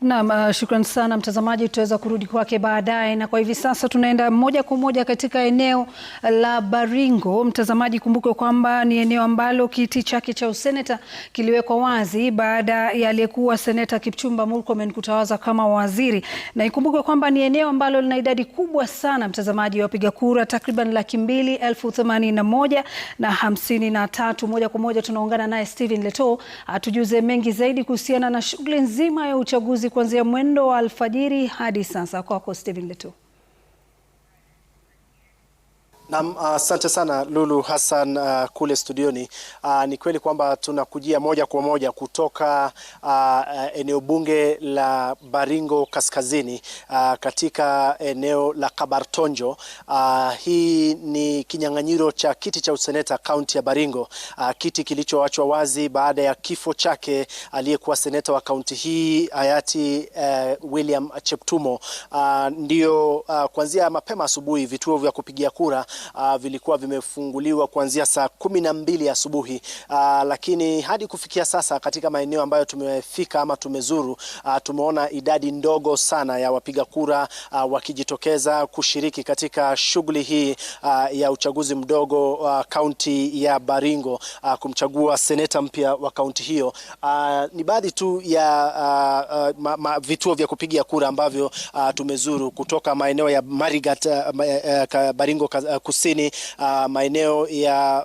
Naam, uh, shukrani sana mtazamaji, tutaweza kurudi kwake baadaye. Na kwa hivi sasa tunaenda moja kwa moja katika eneo la Baringo. Mtazamaji, kumbuke kwamba ni eneo ambalo kiti chake cha useneta kiliwekwa wazi baada ya aliyekuwa seneta Kipchumba Murkomen kutawaza kama waziri, na ikumbuke kwamba ni eneo ambalo lina idadi kubwa sana mtazamaji wa wapiga kura takriban laki mbili elfu themanini na moja na hamsini na tatu. Moja kwa moja tunaungana naye Steven Leto atujuze mengi zaidi kuhusiana na shughuli nzima ya uchaguzi kuanzia mwendo wa alfajiri hadi sasa. Kwako Stephen leto Naam, asante uh, sana Lulu Hassan uh, kule studioni. Uh, ni kweli kwamba tunakujia moja kwa moja kutoka uh, uh, eneo bunge la Baringo Kaskazini uh, katika eneo la Kabartonjo. Uh, hii ni kinyang'anyiro cha kiti cha useneta kaunti ya Baringo uh, kiti kilichoachwa wazi baada ya kifo chake aliyekuwa seneta wa kaunti hii hayati uh, William Cheptumo. Uh, ndio uh, kuanzia mapema asubuhi vituo vya kupigia kura uh, vilikuwa vimefunguliwa kuanzia saa kumi na mbili asubuhi uh, lakini hadi kufikia sasa katika maeneo ambayo tumefika ama tumezuru uh, tumeona idadi ndogo sana ya wapiga kura uh, wakijitokeza kushiriki katika shughuli hii uh, ya uchaguzi mdogo kaunti ya Baringo uh, kumchagua seneta mpya wa kaunti hiyo. Uh, ni baadhi tu ya uh, uh, ma, ma, vituo vya kupiga kura ambavyo uh, tumezuru kutoka maeneo ya Marigat uh, uh, Baringo uh, Kusini, uh, maeneo ya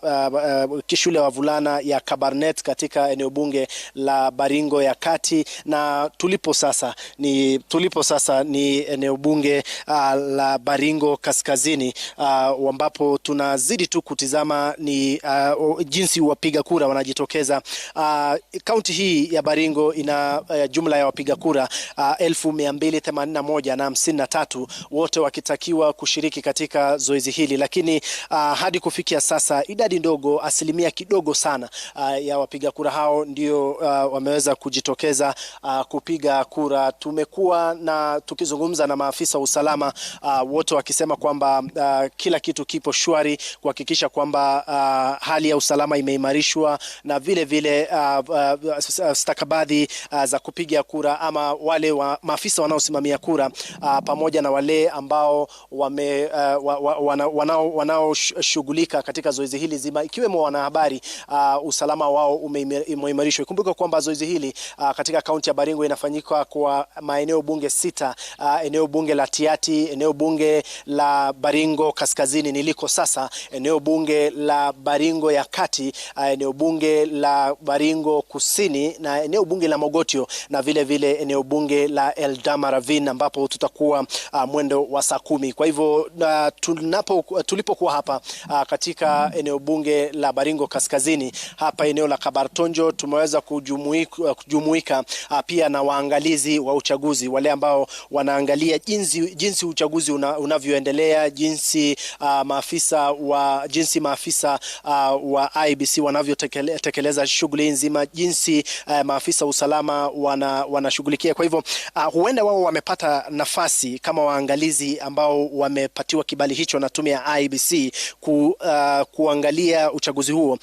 uh, uh, shule ya wavulana ya Kabarnet katika eneo bunge la Baringo ya Kati, na tulipo sasa ni tulipo sasa ni eneo bunge uh, la Baringo Kaskazini uh, ambapo tunazidi tu kutizama ni uh, jinsi wapiga kura wanajitokeza. Uh, kaunti uh, hii ya Baringo ina uh, jumla ya wapiga kura uh, elfu mia mbili themanini na moja na hamsini na tatu, wote wakitakiwa kushiriki katika zoezi hili lakini lakini uh, hadi kufikia sasa idadi ndogo, asilimia kidogo sana uh, ya wapiga kura hao ndio uh, wameweza kujitokeza uh, kupiga kura. Tumekuwa na tukizungumza na maafisa wa usalama uh, wote wakisema kwamba uh, kila kitu kipo shwari kuhakikisha kwamba uh, hali ya usalama imeimarishwa na vile vile uh, uh, stakabadhi uh, za kupiga kura ama wale wa, maafisa wanaosimamia kura uh, pamoja na wale ambao wame uh, wa, wa, wana, wana wanaoshughulika wanao katika zoezi hili zima ikiwemo wanahabari uh, usalama wao umeimarishwa. Ikumbuke kwamba zoezi hili uh, katika kaunti ya Baringo inafanyika kwa maeneo bunge sita, uh, eneo bunge la Tiati, eneo bunge la Baringo Kaskazini niliko sasa, eneo bunge la Baringo ya Kati, uh, eneo bunge la Baringo Kusini na eneo bunge la Mogotio na vile vile eneo bunge la Eldama Ravine ambapo tutakuwa uh, mwendo wa saa kumi. Kwa hivyo uh, tunapo tulipokuwa hapa uh, katika eneo bunge la Baringo Kaskazini hapa eneo la Kabartonjo tumeweza ah, kujumuika, kujumuika uh, pia na waangalizi wa uchaguzi wale ambao wanaangalia jinsi, jinsi uchaguzi una, unavyoendelea jinsi uh, maafisa wa jinsi maafisa uh, wa IBC wanavyotekeleza shughuli nzima jinsi uh, maafisa usalama wanashughulikia wana kwa hivyo uh, huenda wao wamepata nafasi kama waangalizi ambao wamepatiwa kibali hicho na tume ya IBC ku, uh, kuangalia uchaguzi huo.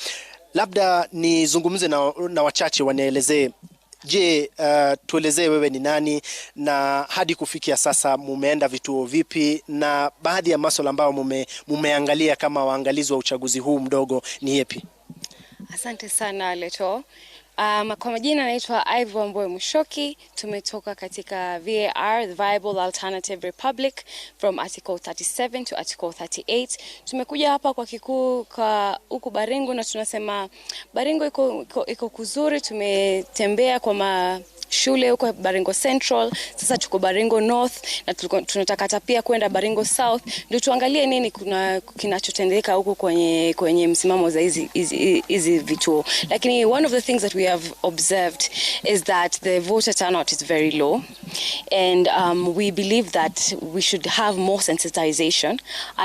Labda nizungumze na, na wachache wanielezee Je, uh, tuelezee wewe ni nani na hadi kufikia sasa mumeenda vituo vipi na baadhi ya masuala ambayo mume, mumeangalia kama waangalizi wa uchaguzi huu mdogo ni yepi? Asante sana Leto. Um, kwa majina anaitwa Ivo Mboe Mushoki. Tumetoka katika VAR, the Viable Alternative Republic from Article 37 to Article 38. Tumekuja hapa kwa kikuu kwa huku Baringo na tunasema Baringo iko, iko, iko kuzuri. Tumetembea kwa ma shule huko Baringo Central, sasa tuko Baringo North na tunataka hata pia kwenda Baringo South, ndio tuangalie nini kuna kinachotendeka huko kwenye, kwenye msimamo za hizi vituo, lakini one of the things that we have observed is that the voter turnout is very low and um, we believe that we should have more sensitization.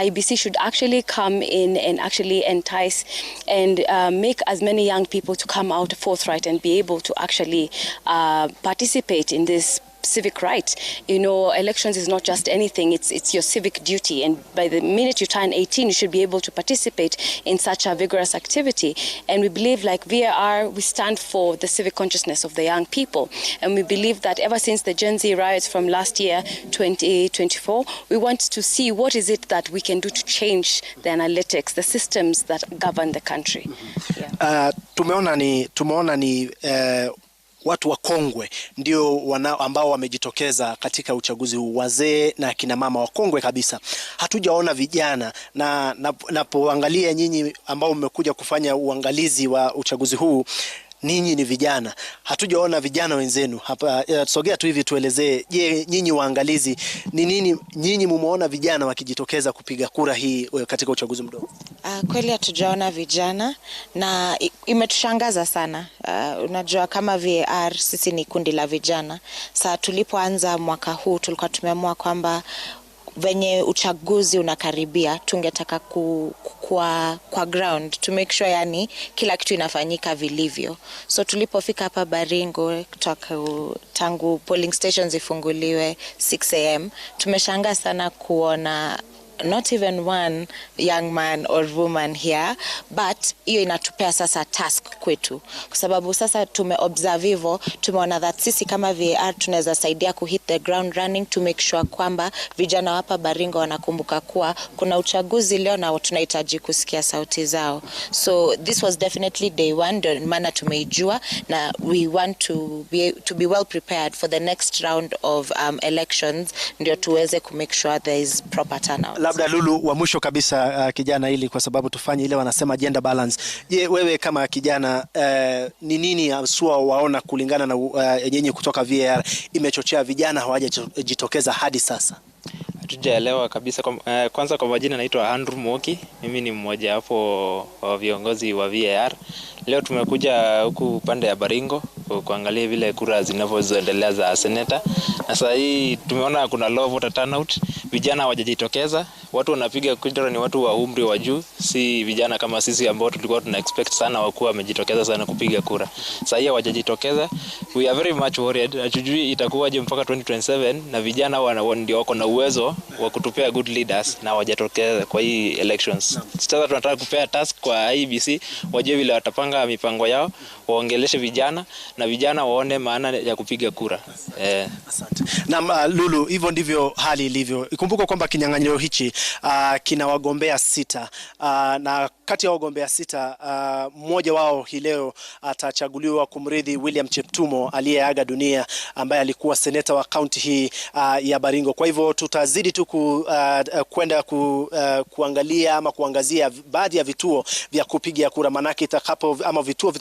IBC should actually come in and actually entice and uh, make as many young people to come out forthright and be able to actually uh, participate in this civic right. You know, elections is not just anything, it's, it's your civic duty. And by the minute you turn 18, you should be able to participate in such a vigorous activity. And we believe, like VAR, we stand for the civic consciousness of the young people. And we believe that ever since the Gen Z riots from last year, 2024, we want to see what is it that we can do to change the analytics, the systems that govern the country. Yeah. Mm-hmm. Uh, tumeona ni, tumeona ni uh, watu wakongwe ndio wana, ambao wamejitokeza katika uchaguzi huu, wazee na kina mama wakongwe kabisa. Hatujaona vijana, na napoangalia nyinyi ambao mmekuja kufanya uangalizi wa uchaguzi huu ninyi ni vijana, hatujaona vijana wenzenu hapa. Eh, sogea tu hivi tuelezee, je, nyinyi waangalizi, ni nini nyinyi mumeona vijana wakijitokeza kupiga kura hii eh, katika uchaguzi mdogo? Uh, kweli hatujaona vijana na imetushangaza sana. Uh, unajua kama VAR sisi ni kundi la vijana. Saa tulipoanza mwaka huu tulikuwa tumeamua kwamba venye uchaguzi unakaribia tungetaka ku, kwa, kwa ground to make sure yani kila kitu inafanyika vilivyo. So tulipofika hapa Baringo toka, tangu polling stations ifunguliwe 6 am tumeshangaa sana kuona not even one young man or woman here, but hiyo inatupea sasa task kwetu, kwa sababu sasa tumeobserve hivyo, tumeona that sisi kama VAR tunaweza saidia ku hit the ground running to make sure kwamba vijana wapa Baringo wanakumbuka kuwa kuna uchaguzi leo na tunahitaji kusikia sauti zao. So this was definitely day one, ndio maana tumeijua na we want to be, to be well prepared for the next round of um, elections ndio tuweze ku make sure there is proper turnout. La labda Lulu, wa mwisho kabisa uh, kijana, ili kwa sababu tufanye ile wanasema gender balance. Je, wewe kama kijana uh, ni uh, nini haswa waona kulingana na uh, nyinyi kutoka VAR imechochea vijana hawajajitokeza hadi sasa? Hatujaelewa kabisa kwa, uh, kwanza kwa majina naitwa Andrew Moki, mimi ni mmoja wapo wa viongozi wa VAR. Leo tumekuja huku upande ya Baringo kuangalia vile kura zinavyoendelea za seneta, na sasa hii tumeona kuna low voter turnout vijana hawajajitokeza. Watu wanapiga kura ni watu wa umri wa juu, si vijana kama sisi ambao tulikuwa tuna expect sana wakuwa wamejitokeza sana kupiga kura. Sasa hii hawajajitokeza, we are very much worried. Hatujui itakuwaje mpaka 2027 na vijana wana ndio wako na uwezo wa kutupea good leaders na hawajatokeza kwa hii elections. Sasa tunataka kupea task kwa IBC wajue vile watapanga mipango yao, waongeleshe vijana na vijana waone maana ya kupiga kura. Eh, asante. Na uh, Lulu, hivyo ndivyo hali ilivyo. Ikumbukwe kwamba kinyang'anyiro hichi uh, kina wagombea sita uh, na kati ya wagombea sita uh, mmoja uh, wao hii leo atachaguliwa kumrithi William Cheptumo aliyeaga dunia ambaye alikuwa seneta wa kaunti hii uh, ya Baringo. Kwa hivyo tutazidi tu ku, uh, kwenda ku, uh, kuangalia ama kuangazia baadhi ya vituo vya kupiga kura, manake itakapo ama vituo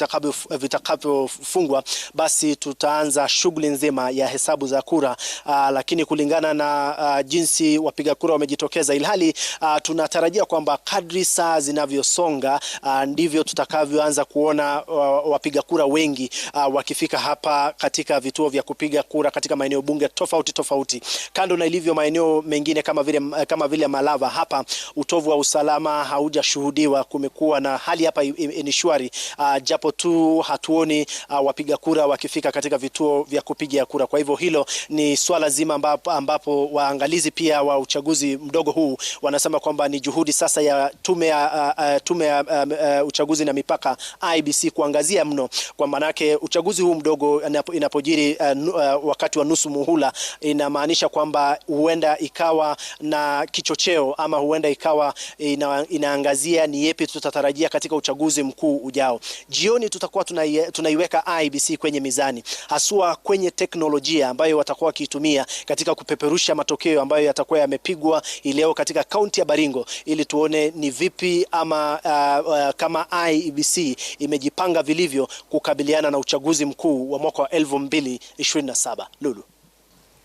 vitakapofungwa, basi tutaanza shughuli nzima ya hesabu za kura uh, lakini kulingana na uh, jinsi wapiga kura wamejitokeza, ilhali uh, tunatarajia kwamba kadri saa zinavyosonga uh, ndivyo tutakavyoanza kuona uh, wapiga kura wengi uh, wakifika hapa katika vituo vya kupiga kura katika maeneo bunge tofauti tofauti, kando na ilivyo maeneo mengine kama vile, kama vile Malava. Hapa utovu wa usalama haujashuhudiwa, kumekuwa na hali hapa ni shwari uh, japo tu hatuoni uh, wapiga kura wakifika katika vituo vya kupiga kura. Kwa hivyo hilo ni swala zima ambapo, ambapo waangalizi pia wa uchaguzi mdogo huu wanasema kwamba ni juhudi sasa ya tume ya uh, uh, tume ya uh, uh, uchaguzi na mipaka IBC kuangazia mno kwa manake uchaguzi huu mdogo inapojiri uh, uh, wakati wa nusu muhula inamaanisha kwamba huenda ikawa na kichocheo ama huenda ikawa ina, inaangazia ni yepi tutatarajia katika uchaguzi mkuu ujao. Jioni tutakuwa tunai, tunaiweka IBC kwenye mizani haswa kwenye teknolojia ambayo watakuwa wakiitumia katika kupeperusha matokeo ambayo yatakuwa yatakuwa yamepigwa ileo katika kaunti ya Baringo ili tuone ni vipi ama uh, uh, kama IEBC imejipanga vilivyo kukabiliana na uchaguzi mkuu wa mwaka wa 2027. Lulu.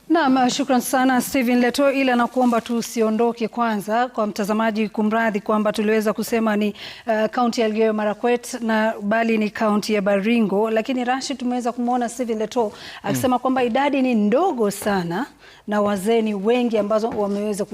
Naam, shukran sana Stephen Leto, ila nakuomba tusiondoke kwanza, kwa mtazamaji, kumradhi kwamba tuliweza kusema ni uh, kaunti uh, ya Elgeyo Marakwet na bali ni kaunti ya Baringo, lakini Rashid, tumeweza kumwona Stephen Leto akisema mm, kwamba idadi ni ndogo sana na wazee ni wengi ambazo wameweza